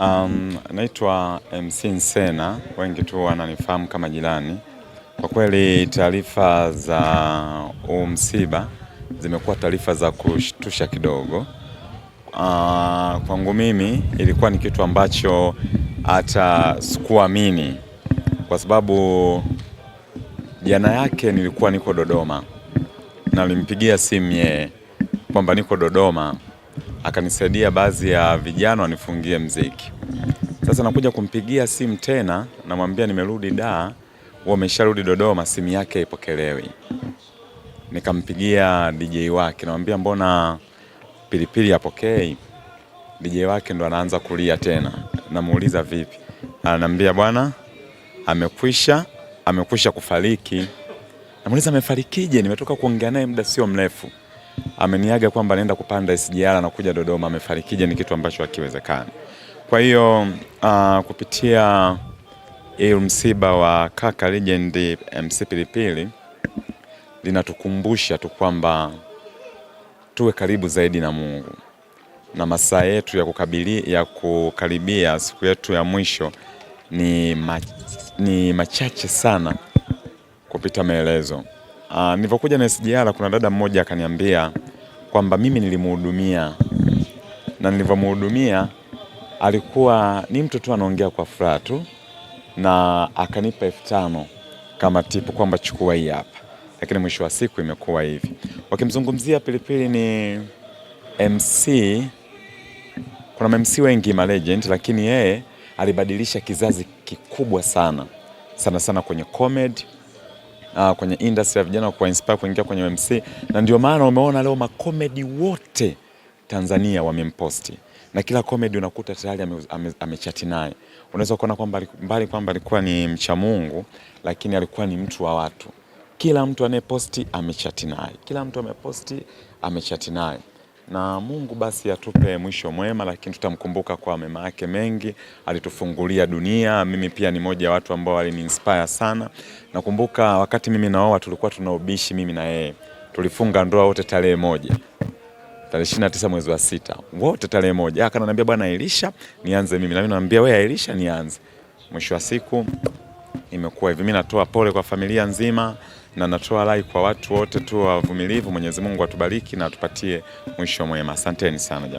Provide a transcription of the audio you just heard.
Um, naitwa MC Nsena, wengi tu wananifahamu kama jirani Kwa kweli taarifa za huu msiba zimekuwa taarifa za kushtusha kidogo. Uh, kwangu mimi ilikuwa ni kitu ambacho hata sikuamini kwa sababu jana yake nilikuwa niko Dodoma, nalimpigia simu yeye kwamba niko Dodoma akanisaidia baadhi ya vijana wanifungie mziki. Sasa nakuja kumpigia simu tena, namwambia nimerudi Dar, wamesharudi Dodoma, simu yake haipokelewi. Nikampigia DJ wake, namwambia mbona Pilipili apokei? DJ wake ndo anaanza kulia tena, namuuliza vipi, anaambia bwana, amekwisha amekwisha kufariki. Namuuliza amefarikije? Nimetoka kuongea naye muda sio mrefu ameniaga kwamba anaenda kupanda SGR na kuja Dodoma, amefarikije ni kitu ambacho hakiwezekani. Kwa hiyo uh, kupitia msiba wa kaka legend MC Pilipili linatukumbusha tu kwamba tuwe karibu zaidi na Mungu na masaa yetu ya kukabili, ya kukaribia siku yetu ya mwisho ni, ma, ni machache sana kupita maelezo. Uh, ah, nilipokuja na SGR kuna dada mmoja akaniambia kwamba mimi nilimhudumia na nilivyomhudumia alikuwa ni mtu tu anaongea kwa furaha tu, na akanipa elfu tano kama tipu kwamba chukua hii hapa, lakini mwisho wa siku imekuwa hivi. Wakimzungumzia Pilipili ni MC, kuna MC wengi ma legend, lakini yeye alibadilisha kizazi kikubwa sana sana sana kwenye comedy uh, kwenye industry ya vijana kwa inspire kuingia kwenye MC, na ndio maana umeona leo makomedi wote Tanzania wamemposti na kila komedi unakuta tayari amechati ame, ame naye. Unaweza kuona kwamba mbali kwamba alikuwa ni mcha Mungu, lakini alikuwa ni mtu wa watu. Kila mtu anayeposti amechati naye, kila mtu ameposti amechati naye na Mungu basi atupe mwisho mwema, lakini tutamkumbuka kwa mema yake mengi. Alitufungulia dunia. Mimi pia ni moja ya watu ambao waliniinspire sana. Nakumbuka wakati mimi naoa tulikuwa tunaubishi, mimi na yeye tulifunga ndoa wote tarehe moja tarehe tisa mwezi wa sita wote tarehe moja. Akananiambia bwana Elisha nianze mimi, mimi naambia wewe Elisha nianze. Mwisho wa siku imekuwa hivi. Mimi natoa pole kwa familia nzima na natoa rai kwa watu wote tu wavumilivu. Mwenyezi Mungu atubariki na atupatie mwisho mwema. Asanteni sana jamani.